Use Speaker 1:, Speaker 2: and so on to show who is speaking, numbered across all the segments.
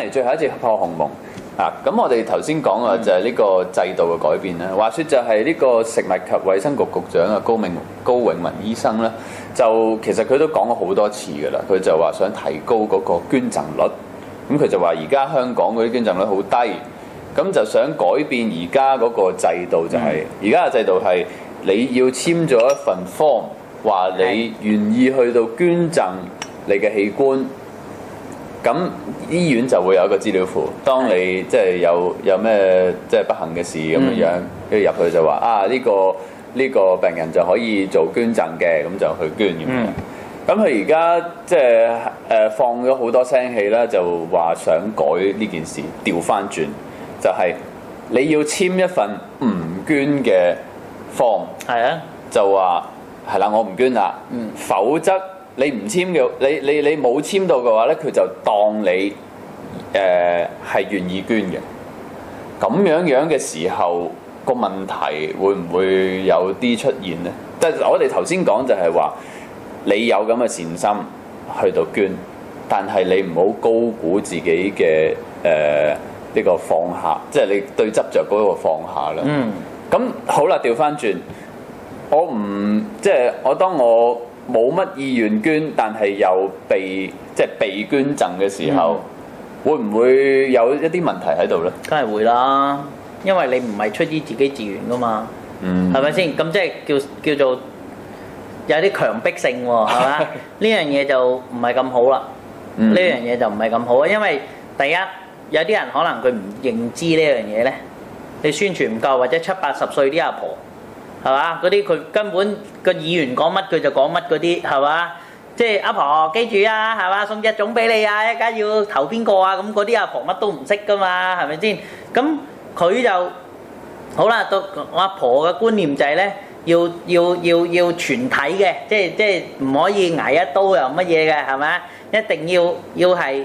Speaker 1: 嚟最後一次破鴻蒙啊！咁我哋頭先講啊，就係呢個制度嘅改變啦。嗯、話說就係呢個食物及衛生局局長啊，高明高永文醫生咧，就其實，佢都講過好多次噶啦。佢就話想提高嗰個捐贈率，咁佢就話而家香港嗰啲捐贈率好低，咁就想改變而家嗰個制度，就是，就係而家嘅制度係你要簽咗一份 form，話，你願意去到捐贈你嘅器官。咁醫院就會有一個資料庫，當你的即係有有咩即係不幸嘅事咁樣樣，跟住入去就話啊呢、這個呢、這個病人就可以做捐贈嘅，咁就去捐咁樣。咁佢而家即係誒、呃、放咗好多聲氣啦，就話想改呢件事，調翻轉，就係、是、你要簽一份唔捐嘅方，係啊的，就話係啦，我唔捐啦，嗯，否則。你唔簽嘅，你你你冇簽到嘅話咧，佢就當你誒係願意捐嘅。咁樣樣嘅時候，個問題會唔會有啲出現咧？即係我哋頭先講就係話，你有咁嘅善心去到捐，但係你唔好高估自己嘅誒呢個放下，即係你對執着嗰個放下啦。嗯。咁好啦，調翻轉，我唔即係我當我。冇乜意願捐，但係又被即係被捐贈嘅時候，嗯、會唔會有一啲問題喺度咧？梗係
Speaker 2: 會啦，因為你唔係出於自己自願噶嘛，係咪先？咁即係叫叫做有啲強迫性喎、啊，係咪？呢樣嘢就唔係咁好啦，嗯、呢樣嘢就唔係咁好啊，因為第一有啲人可能佢唔認知呢樣嘢咧，你宣傳唔夠，或者七八十歲啲阿婆。係嘛？嗰啲佢根本個議員講乜佢就講乜嗰啲係嘛？即係阿婆記住啊，係嘛？送隻粽俾你啊，而家要投邊個啊？咁嗰啲阿婆乜都唔識噶嘛，係咪先？咁佢就好啦。到阿婆嘅觀念就係咧，要要要要全體嘅，即係即係唔可以捱一刀又乜嘢嘅，係咪？一定要要係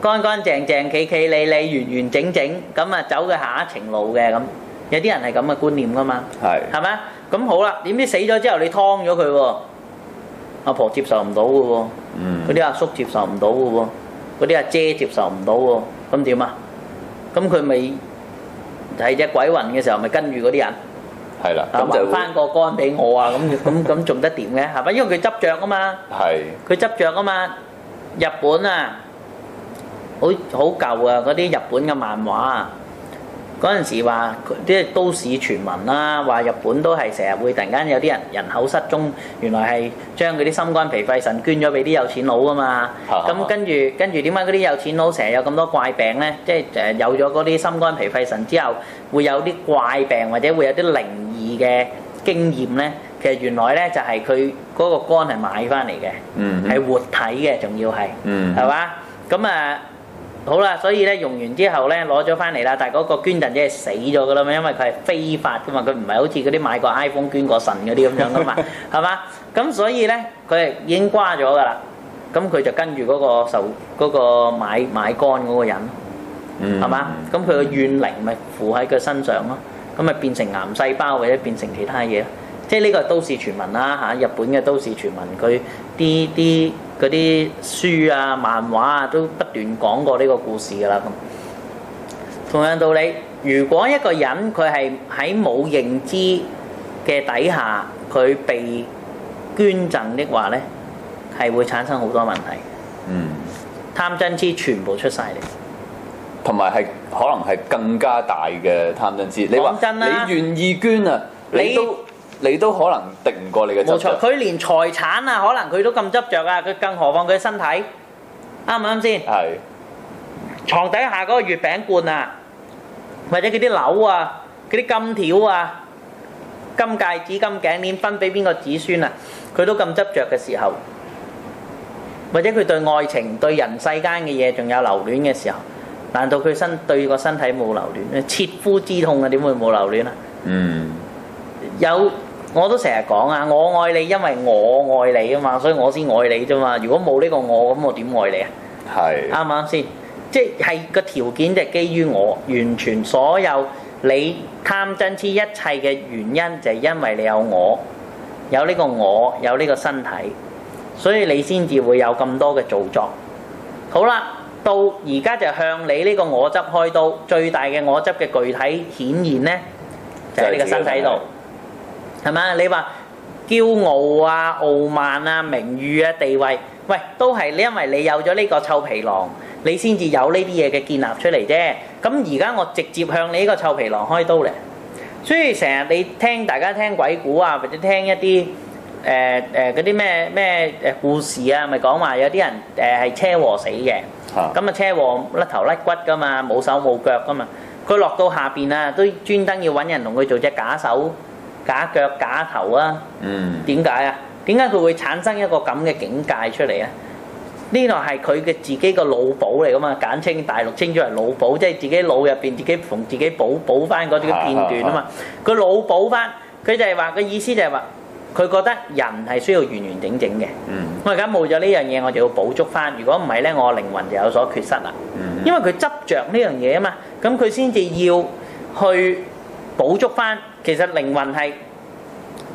Speaker 2: 乾乾淨淨、企企理理、完完整整咁啊，就走佢下一程路嘅咁。有啲人係咁嘅觀念噶嘛，係，係咪啊？咁好啦，點知死咗之後你劏咗佢喎，阿婆接受唔到嘅喎，嗰啲阿叔接受唔到嘅喎，嗰啲阿姐接受唔到喎，咁點啊？咁佢咪係隻鬼魂嘅時候咪跟住嗰啲人？係啦，啊，揾翻個肝俾我啊，咁咁咁仲得點咧？係咪？因為佢執著啊嘛，係，佢執著啊嘛，日本啊，好好舊啊，嗰啲日本嘅漫畫啊。嗰陣時話啲都市傳聞啦、啊，話日本都係成日會突然間有啲人人口失蹤，原來係將嗰啲心肝脾肺腎捐咗俾啲有錢佬啊嘛。咁 跟住跟住點解嗰啲有錢佬成日有咁多怪病咧？即係誒有咗嗰啲心肝脾肺腎之後，會有啲怪病或者會有啲靈異嘅經驗咧？其實原來咧就係佢嗰個肝係買翻嚟嘅，係、嗯、哼活體嘅，仲要係，係嘛、嗯哼？咁啊～好啦，所以咧用完之後咧，攞咗翻嚟啦，但係嗰個捐贈者死咗噶啦嘛，因為佢係非法噶嘛，佢唔係好似嗰啲買過 iPhone 捐過腎嗰啲咁樣噶嘛，係嘛？ 咁所以咧，佢已經瓜咗噶啦，咁佢就跟住嗰、嗰個受嗰、嗰個買買肝嗰個人，係嘛？咁佢個怨靈咪附喺佢身上咯，咁咪變成癌細胞或者變成其他嘢。即係呢個都市傳聞啦嚇，日本嘅都市傳聞，佢啲啲嗰啲書啊、漫畫啊，都不斷講過呢個故事㗎啦。咁同樣道理，如果一個人佢係喺冇認知嘅底下，佢被捐贈的話呢，係會產生好多問題。嗯，貪嗔癡全部出晒嚟，同埋係可能
Speaker 1: 係更加大嘅貪嗔癡。講真你話你願意捐啊，你，你都。你都可能定唔過你嘅執著。冇錯。佢
Speaker 2: 連財產啊，可能佢都咁執著啊，佢更何況佢身體啱唔啱先？係。牀底下嗰個月餅罐啊，或者佢啲樓啊，佢啲金條啊、金戒指、金頸鏈分俾邊個子孫啊？佢都咁執著嘅時候，或者佢對愛情、對人世間嘅嘢仲有留戀嘅時候，難道佢身對個身體冇留戀咧？切膚之痛啊，點會冇留戀啊？
Speaker 1: 嗯。
Speaker 2: 有。我都成日講啊，我愛你，因為我愛你啊嘛，所以我先愛你啫嘛。如果冇呢個我，咁我點愛你啊？係，啱唔啱先？即係個條件就基於我，完全所有你貪嗔痴一切嘅原因，就係因為你有我，有呢個我，有呢個身體，所以你先至會有咁多嘅造作。好啦，到而家就向你呢個我執開刀，最大嘅我執嘅具體顯現呢，就係你個身體度。係嘛？你話驕傲啊、傲慢啊、名譽啊、地位，喂，都係你因為你有咗呢個臭皮囊，你先至有呢啲嘢嘅建立出嚟啫。咁而家我直接向你呢個臭皮囊開刀咧，所以成日你聽大家聽鬼故啊，或者聽一啲誒誒嗰啲咩咩誒故事啊，咪講話有啲人誒係車禍死嘅，咁啊車禍甩頭甩骨㗎嘛，冇手冇腳㗎嘛，佢落到下邊啊，都專登要搵人同佢做隻假手。假腳假頭啊！點解啊？點解佢會產生一個咁嘅境界出嚟啊？呢度係佢嘅自己個腦補嚟噶嘛。簡稱大陸稱咗係腦補，即係自己腦入邊自己同自己補補翻嗰啲片段啊嘛。佢腦補翻，佢就係話嘅意思就係、是、話，佢覺得人係需要完完整整嘅。我而家冇咗呢樣嘢，我就要補足翻。如果唔係咧，我靈魂就有所缺失啦。嗯、因為佢執着呢樣嘢啊嘛，咁佢先至要去。補足翻，其實靈魂係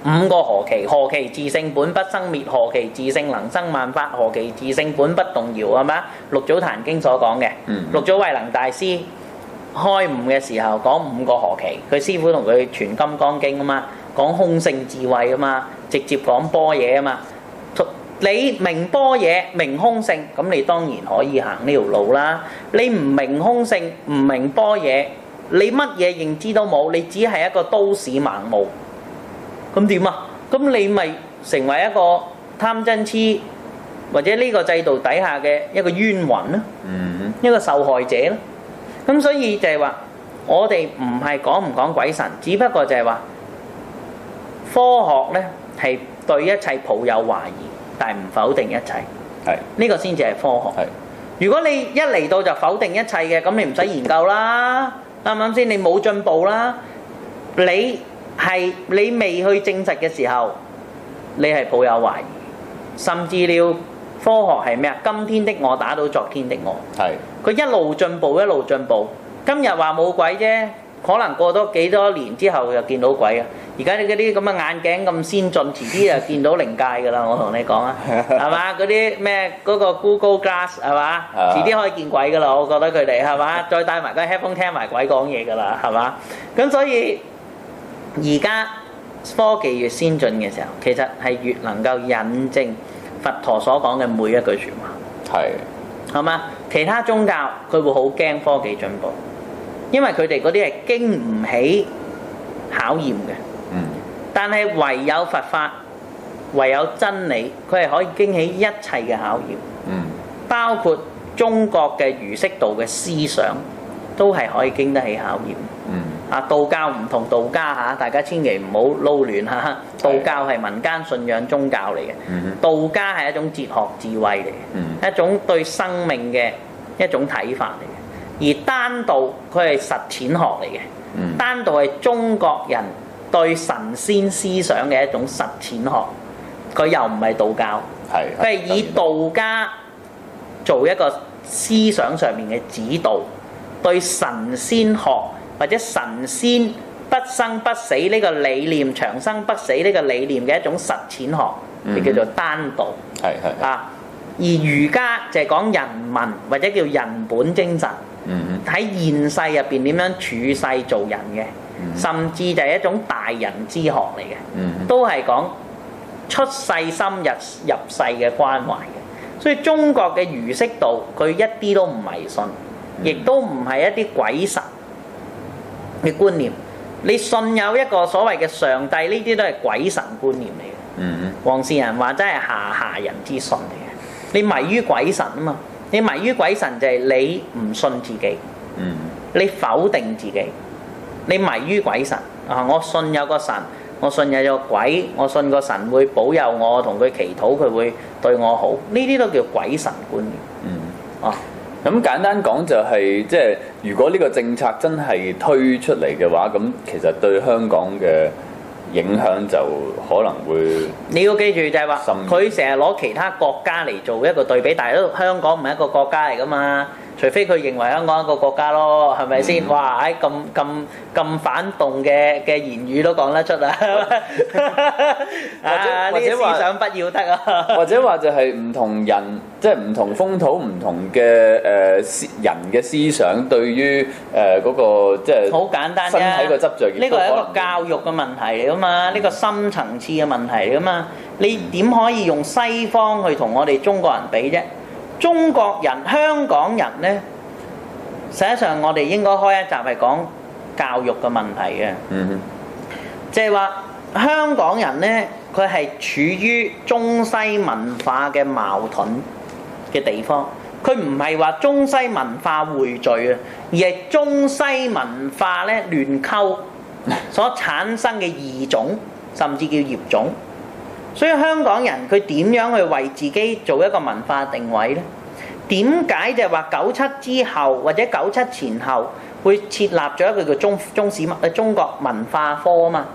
Speaker 2: 五個何期？何期自性本不生滅？何期自性能生萬法？何期自性本不動搖？係咪啊？六祖壇經所講嘅，六祖慧能大師開悟嘅時候講五個何期？佢師傅同佢傳《金剛經》啊嘛，講空性智慧啊嘛，直接講波嘢啊嘛。你明波嘢，明空性，咁你當然可以行呢條路啦。你唔明空性，唔明波嘢。你乜嘢認知都冇，你只係一個都市盲目，咁點啊？咁你咪成為一個貪嗔痴，或者呢個制度底下嘅一個冤魂咧、啊，嗯、哼一個受害者咧、啊。咁所以就係話，我哋唔係講唔講鬼神，只不過就係話科學呢係對一切抱有懷疑，但唔否定一切。係呢的個先至係科學。係的如果你一嚟到就否定一切嘅，咁你唔使研究啦。啱唔啱先？你冇進步啦，你係你未去證實嘅時候，你係抱有懷疑，甚至了科學係咩啊？今天的我打到昨天的我，係佢是的 一路進步，一路進步，今日話冇鬼啫。可能過多幾多年之後又見到鬼啊！而家你嗰啲咁嘅眼鏡咁先進，遲啲就見到靈界噶啦！我同你講啊，係嘛？ 嗰啲咩嗰個 Google Glass 係嘛？ 遲啲可以見鬼噶啦！我覺得佢哋係嘛？再戴埋嗰個 headphone 聽埋鬼講嘢噶啦，係嘛？咁所以而家科技越先進嘅時候，其實係越能夠引證佛陀所講嘅每一句説話。係 的。係嘛？其他宗教佢會好驚科技進步。因為佢哋嗰啲係經唔起考驗嘅，但係唯有佛法、唯有真理，佢係可以經起一切嘅考驗，包括中國嘅儒釋道嘅思想，都係可以經得起考驗。啊，道教唔同道家嚇，大家千祈唔好撈亂嚇。道教係民間信仰宗教嚟嘅，道家係一種哲學智慧嚟嘅，一種對生命嘅一種睇法嚟。而丹道佢係實踐學嚟嘅，嗯，丹道係中國人對神仙思想嘅一種實踐學，佢又唔係道教，係佢係以道家做一個思想上面嘅指導，對神仙學或者神仙不生不死呢個理念、長生不死呢個理念嘅一種實踐學，佢、嗯、叫做丹道，係係啊。而儒家就係講人文或者叫人本精神。喺現世入邊點樣處世做人嘅，甚至就係一種大人之學嚟嘅，都係講出世心入入世嘅關懷。所以中國嘅儒釋道，佢一啲都唔迷信，亦都唔係一啲鬼神嘅觀念。你信有一個所謂嘅上帝，呢啲都係鬼神觀念嚟嘅。黃善人話：真係下下人之信嚟嘅，你迷於鬼神啊嘛！你迷於鬼神就係你唔信自己，嗯、你否定自己，你迷於鬼神啊！我信有個神，我信有有鬼，我信個神會保佑我，同佢祈禱佢會對我好，呢啲都叫鬼神觀念。哦、嗯，咁、啊、簡單講就係、是，即、就、係、是、如果呢個政策
Speaker 1: 真係推出嚟嘅話，咁其實對香港嘅影響就可能會，
Speaker 2: 你要記住就係話，佢成日攞其他國家嚟做一個對比，但係香港唔係一個國家嚟㗎嘛。除非佢認為香港一個國家咯，係咪先？嗯、哇！誒咁咁咁反動嘅嘅言語都講得出 啊！或者思想不要得啊！或者話就係唔同人，即係唔
Speaker 1: 同風土、唔同嘅誒、呃、人嘅思想，對於誒嗰、呃嗰個
Speaker 2: 即係、就係啊、好簡單嘅、身體嘅執著。呢個係一個教育嘅問題嚟噶嘛？呢、嗯、個深層次嘅問題嚟噶嘛？你點可以用西方去同我哋中國人比啫？中國人、香港人呢，實際上我哋應該開一集係講教育嘅問題嘅，嗯哼，即係話香港人呢，佢係處於中西文化嘅矛盾嘅地方，佢唔係話中西文化匯聚啊，而係中西文化呢亂溝所產生嘅異種，甚至叫業種。所以香港人佢點樣去為自己做一個文化定位呢？點解就係話九七之後或者九七前後會設立咗一個叫中中史物中國文化科啊嘛？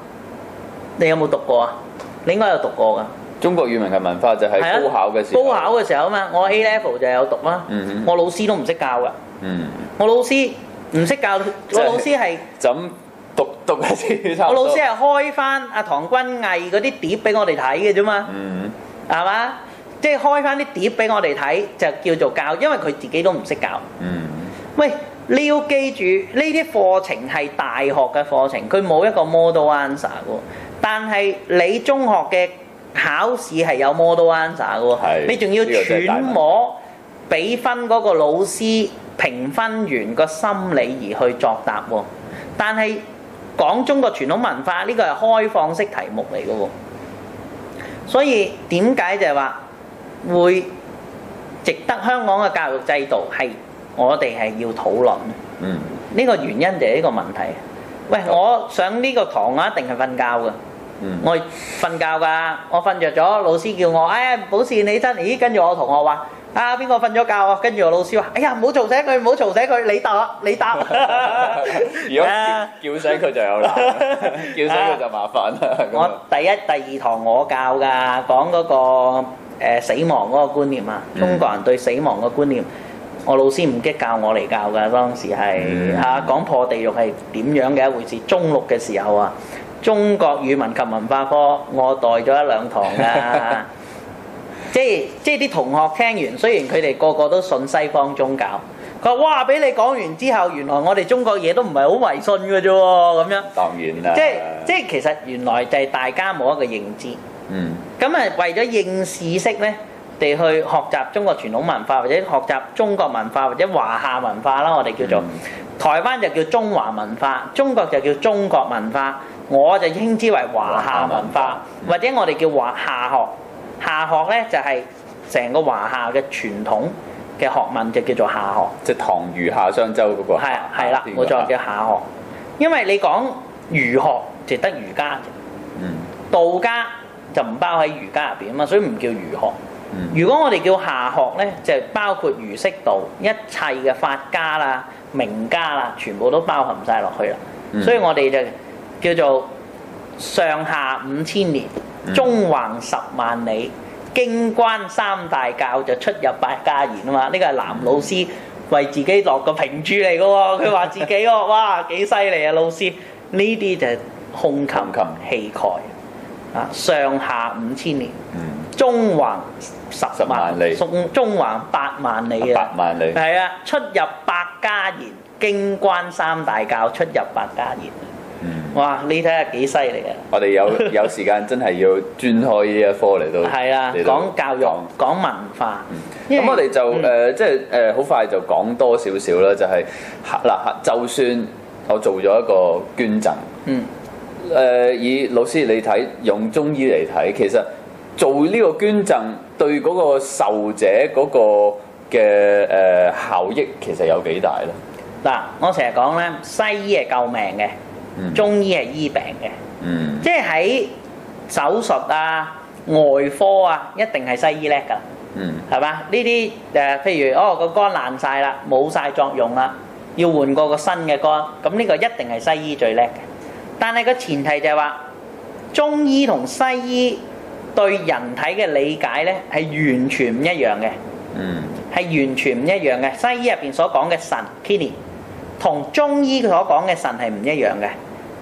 Speaker 2: 你有冇讀過啊？你應該有讀過噶。中國語文嘅文化就喺高考嘅時候，啊。高考嘅時候啊嘛，我 A level 就有讀啦。嗯哼。我老師都唔識教噶。
Speaker 1: 嗯。
Speaker 2: 我老師唔識教，我老師係。
Speaker 1: 就係讀讀下書差唔多。我老師係
Speaker 2: 開翻阿唐君毅嗰啲碟俾我哋睇嘅啫嘛，係嘛？即係開翻啲碟俾我哋睇，就叫做教，因為佢自己都唔識教。喂，你要記住呢啲課程係大學嘅課程，佢冇一個 model answer 嘅。但係你中學嘅考試係有 model answer 嘅，你仲要揣摩比分嗰個老師評分員個心理而去作答。但係講中國傳統文化呢、這個係開放式題目嚟嘅喎，所以點解就係話會值得香港嘅教育制度係我哋係要討論？嗯，呢個原因就係呢個問題。喂，我上呢個堂啊，一定係瞓覺嘅、嗯。我瞓覺㗎，我瞓着咗，老師叫我，哎呀，保持你真，咦，跟住我同學話。啊！邊個瞓咗覺啊？跟住我老師話：哎呀，唔好嘈醒佢，唔好嘈醒佢，你答，你答。 如果
Speaker 1: 叫醒佢就有啦，叫醒佢就，就麻煩啦。 我
Speaker 2: 第一、第二堂我教噶，講嗰、嗰個、呃、死亡嗰個觀念啊，嗯、中國人對死亡嘅觀念。我老師唔激教我嚟教噶，當時係嚇、嗯啊、講破地獄係點樣嘅一回事。中六嘅時候啊，中國語文及文化科我代咗一兩堂噶。 即係即係啲同學聽完，雖然佢哋個個都信西方宗教，佢話：哇！俾你講完之後，原來我哋中國嘢都唔係好迷信㗎啫喎，咁樣。當然啦。即係即係其實原來就係大家冇一個認知。嗯。咁啊，為咗應試式咧，地去學習中國傳統文化，或者學習中國文化，或者華夏文化啦，我哋叫做、嗯、台灣就叫中華文化，中國就叫中國文化，我就稱之為華夏文化，文化嗯、或者我哋叫華夏學，夏學咧就係、是、成個華夏嘅傳統嘅學問，就叫做夏學。即係唐虞夏商周嗰個。係啊，係啦，冇錯，叫夏學。因為你講儒學，就得儒家。嗯。道家就唔包喺儒家入邊啊嘛，所以唔叫儒學。嗯。如果我哋叫夏學咧，就包括儒釋道一切嘅法家啦、名家啦，全部都包含晒落去啦。嗯。所以我哋就叫做上下五千年。中縱橫十萬里，經關三大教就出入百家言啊嘛！呢、這個係南老師為自己落個評注嚟嘅喎，佢話自己喎、哦， 哇幾犀利啊老師！呢啲就係胸襟氣概琴啊，上下五千年，嗯、中縱橫十萬,十萬里，中縱橫八萬里啊，係啊，出入百家言，經關三大教，出入百家言。哇！你睇下幾犀利啊！
Speaker 1: 我哋有有時間，真係要專開呢一科嚟到係啊，講教育，講文化。
Speaker 2: 咁我哋
Speaker 1: 就誒，即係誒，好快就講多少少啦。就係嗱，就算我做咗一個捐贈，嗯，誒，以老師你睇用中醫嚟睇，其實做呢個捐贈對嗰個受者嗰個嘅誒效益其實有幾大咧？
Speaker 2: 嗱，我成日講咧，西醫係救命嘅。中醫係醫病嘅，即係喺手術啊、外科啊，一定係西醫叻㗎，係嘛？呢啲誒，譬如哦個肝爛晒啦，冇晒作用啦，要換過個新嘅肝，咁呢個一定係西醫最叻嘅。但係個前提就係話，中醫同西醫對人體嘅理解咧係完全唔一樣嘅，係完全唔一樣嘅。西醫入邊所講嘅腎 Kidney 同中醫所講嘅腎係唔一樣嘅。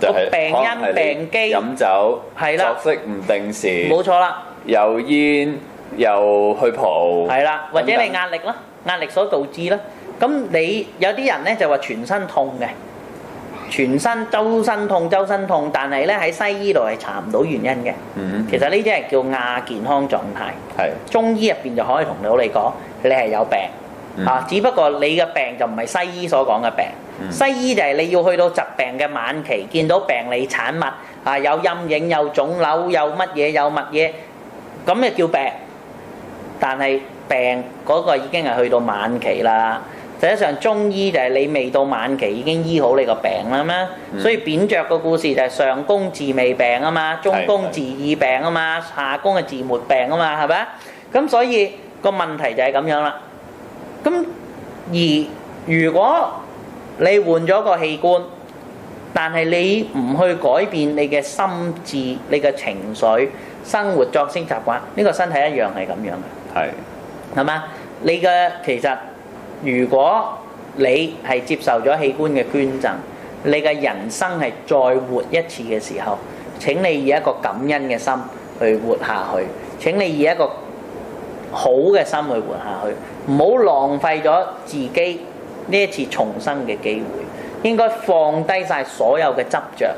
Speaker 2: 就係病因病機，飲酒，作息唔定
Speaker 1: 時，冇錯啦。又煙，又去蒲，係啦，或者你壓
Speaker 2: 力啦，壓力所導致啦。咁你有啲人咧就話全身痛嘅，全身周身痛周身痛，但係咧喺西醫度係查唔到原因嘅。嗯哼，其實呢啲係叫亞健康狀態。係，中醫入邊就可以同你講，你係有病嚇，只不過你嘅病就唔係西醫所講嘅病。西醫就係你要去到疾病嘅晚期，見到病理產物，啊有陰影、有腫瘤、有乜嘢、有乜嘢，咁就叫病。但係病嗰個已經係去到晚期啦。實際上中醫就係你未到晚期已經醫好你個病啦嘛。嗯、所以扁鵲個故事就係上工治未病啊嘛，中工治已病啊嘛，下工係治末病啊嘛，係咪？咁所以個問題就係咁樣啦。咁而如果你換咗個器官，但係你唔去改變你嘅心智、你嘅情緒、生活作息習慣，呢個身體一樣係咁樣嘅。係係嘛？你嘅其實，如果你係接受咗器官嘅捐贈，你嘅人生係再活一次嘅時候，請你以一個感恩嘅心去活下去，請你以一個好嘅心去活下去，唔好浪費咗自己。呢一次重生嘅機會，應該放低晒所有嘅執着，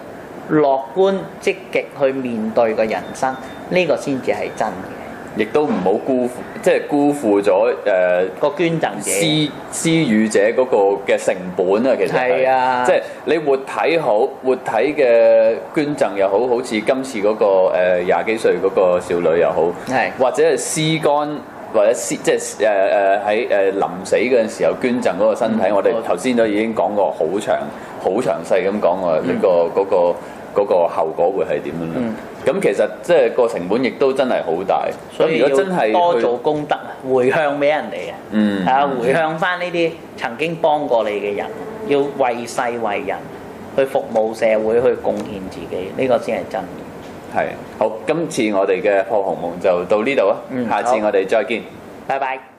Speaker 2: 樂觀積極去面對個人生，呢、這個先至係真
Speaker 1: 嘅。亦都唔好辜負，即、就、係、是、辜負咗誒個
Speaker 2: 捐贈者、施
Speaker 1: 施予者嗰個嘅成本啊！其實係啊，即係你活體好，活體嘅捐贈又好，好似今次嗰、那個廿幾、呃、歲嗰個少女又好，係是或者係屍肝。或者先即係誒誒喺誒臨死嗰陣時候捐贈嗰個身體，嗯、我哋頭先都已經講過好長、好、嗯、詳細咁講喎、嗰個。呢、嗯嗰個嗰、嗰個嗰、嗰個後果會係點樣咁、嗯、其實即係、嗰個成本亦都真係好大。所以要多做，如果真多做
Speaker 2: 功德，回向俾人哋、
Speaker 1: 嗯、啊！嚇，回向
Speaker 2: 翻呢啲曾經幫過你嘅人，要為世為人去服務社會，去貢獻自己，呢、呢個先係真，的真的。係，好，今次我
Speaker 1: 哋嘅破鴻蒙就到呢度啊，嗯、下次我哋再見，
Speaker 2: 好拜拜。